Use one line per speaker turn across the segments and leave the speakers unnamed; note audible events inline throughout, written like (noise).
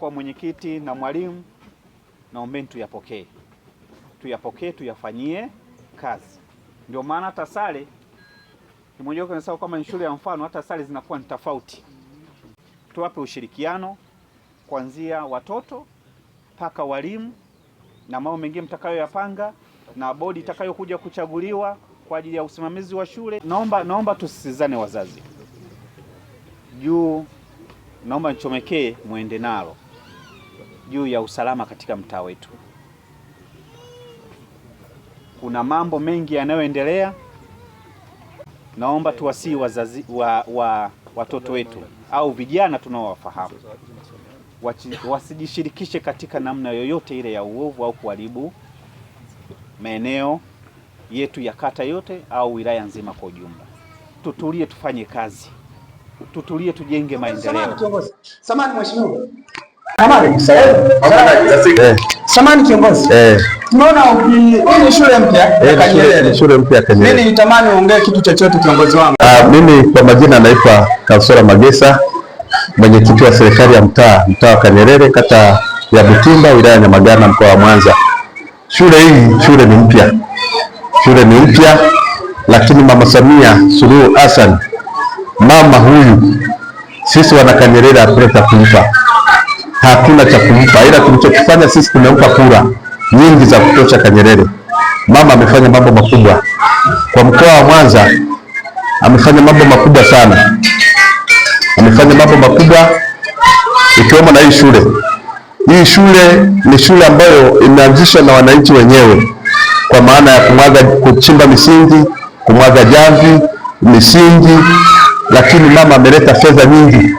kwa mwenyekiti na mwalimu, naombeni tuyapokee, tuyapokee, tuyafanyie kazi. Ndio maana hata sare nimojknasau kama ni shule ya mfano, hata sare zinakuwa ni tofauti. Tuwape ushirikiano kuanzia watoto mpaka walimu na mambo mengine mtakayoyapanga na bodi itakayokuja kuchaguliwa kwa ajili ya usimamizi wa shule. Naomba, naomba tusisizane wazazi juu, naomba nichomekee, mwende nalo juu ya usalama katika mtaa wetu. Kuna mambo mengi yanayoendelea. Naomba tuwasii wazazi wa, wa watoto wetu au vijana tunaowafahamu wasijishirikishe katika namna yoyote ile ya uovu au kuharibu maeneo yetu ya kata yote au wilaya nzima kwa ujumla. Tutulie, tufanye kazi, tutulie, tujenge maendeleo.
Samahani mheshimiwa. Eh. Samani kiongozi, tumeona
eh. ni shule mpya eh, ni shule mpya Kanyerere. Mimi nitamani uongee kitu chochote kiongozi wangu. Ah, mimi kwa majina naitwa Kansora Magesa, mwenyekiti wa serikali ya mtaa mtaa wa Kanyerere, kata ya Butimba, wilaya ya Nyamagana, mkoa wa Mwanza. Shule hii shule ni mpya, shule ni mpya, lakini mama Samia Suluhu Hassan, mama huyu, sisi wana Kanyerere hatutaweza kulipa hatuna cha kumpa, ila tulichokifanya sisi tumempa kura nyingi za kutosha Kanyerere. Mama amefanya mambo makubwa kwa mkoa wa Mwanza, amefanya mambo makubwa sana, amefanya mambo makubwa ikiwemo na hii shule. Hii shule ni shule ambayo imeanzishwa na wananchi wenyewe, kwa maana ya kumwaga, kuchimba misingi, kumwaga jamvi misingi, lakini mama ameleta fedha nyingi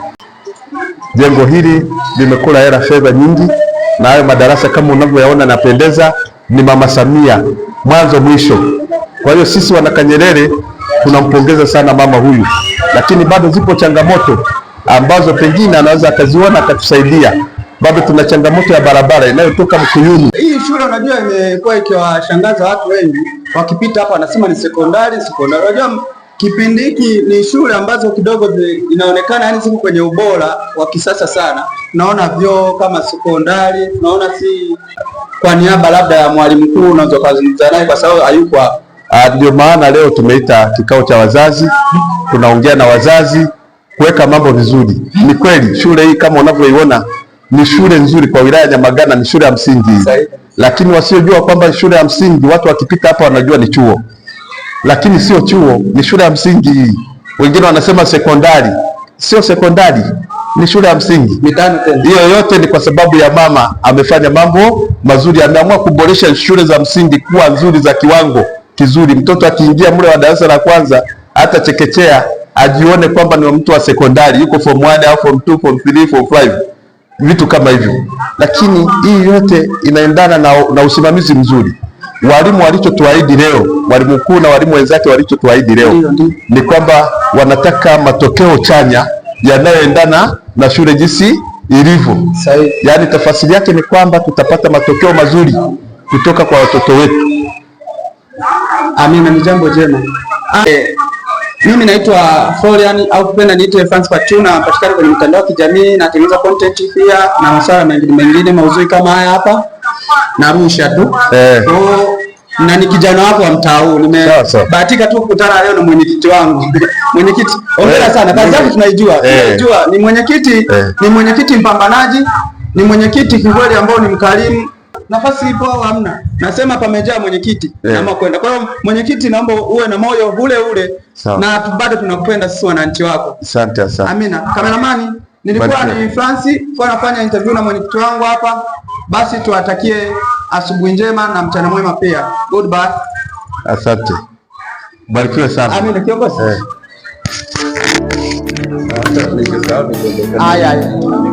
Jengo hili limekula hela fedha nyingi, na hayo madarasa kama unavyoyaona napendeza, ni Mama Samia mwanzo mwisho. Kwa hiyo sisi Wanakanyerere tunampongeza sana mama huyu, lakini bado zipo changamoto ambazo pengine anaweza akaziona akatusaidia. Bado tuna changamoto ya barabara inayotoka Mkuyuni.
Hii shule unajua imekuwa ikiwashangaza watu wengi, wakipita hapa wanasema ni sekondari, sekondari. Unajua Kipindi hiki ni shule ambazo kidogo inaonekana yani ziko kwenye ubora wa kisasa sana. Naona vyoo kama sekondari, naona si kwa niaba labda ya mwalimu mkuu unaweza kuzungumza naye kwa sababu hayupo.
Ah, ndio maana leo tumeita kikao cha wazazi, tunaongea na wazazi kuweka mambo vizuri. Ni kweli shule hii kama unavyoiona ni shule nzuri kwa wilaya ya Nyamagana, ni shule ya msingi, lakini wasiojua kwamba shule ya msingi watu wakipita hapa wanajua ni chuo lakini sio chuo, ni shule ya msingi hii. Wengine wanasema sekondari, sio sekondari, ni shule ya msingi. Hiyo yote ni kwa sababu ya mama amefanya mambo mazuri, ameamua kuboresha shule za msingi kuwa nzuri za kiwango kizuri. Mtoto akiingia mle wa darasa la kwanza, hata chekechea, ajione kwamba ni mtu wa sekondari, yuko form 1 au form 2, form 3, form 5, vitu kama hivyo. Lakini hii yote inaendana na, na usimamizi mzuri. Walimu walichotuahidi leo, walimu mkuu na walimu wenzake walichotuahidi leo ni kwamba wanataka matokeo chanya yanayoendana na shule jinsi ilivyo. Yaani tafasiri yake ni kwamba tutapata matokeo mazuri kutoka kwa watoto wetu.
Amina, ni jambo jema. E, mimi naitwa Florian au kupenda niite Francis Patuna, napatikana kwenye mtandao wa kijamii, natengeneza content pia na masuala mengine mengine mauzuri kama haya hapa narusha tu eh. So, na ni kijana wako wa mtaa huu, nimebahatika tu kukutana leo na mwenyekiti wangu. (laughs) Mwenyekiti, hongera eh. sana, kazi yako eh. tunaijua, eh. tunaijua. Ni mwenyekiti, ni mwenyekiti mpambanaji, ni mwenyekiti kikweli ambao ni mkarimu nafasi ipo au hamna? Nasema pamejaa mwenyekiti yeah. Ama kwenda. Kwa hiyo mwenyekiti, naomba uwe na moyo ule ule so. Na bado tunakupenda sisi wananchi wako.
Asante sana.
Amina. Kameramani, nilikuwa ni Francis, kwa nafanya interview na mwenyekiti wangu hapa. Basi tuwatakie asubuhi njema na mchana mwema pia. Goodbye.
Asante. Barikiwe sana.
Amina kiongozi. Eh. Haya.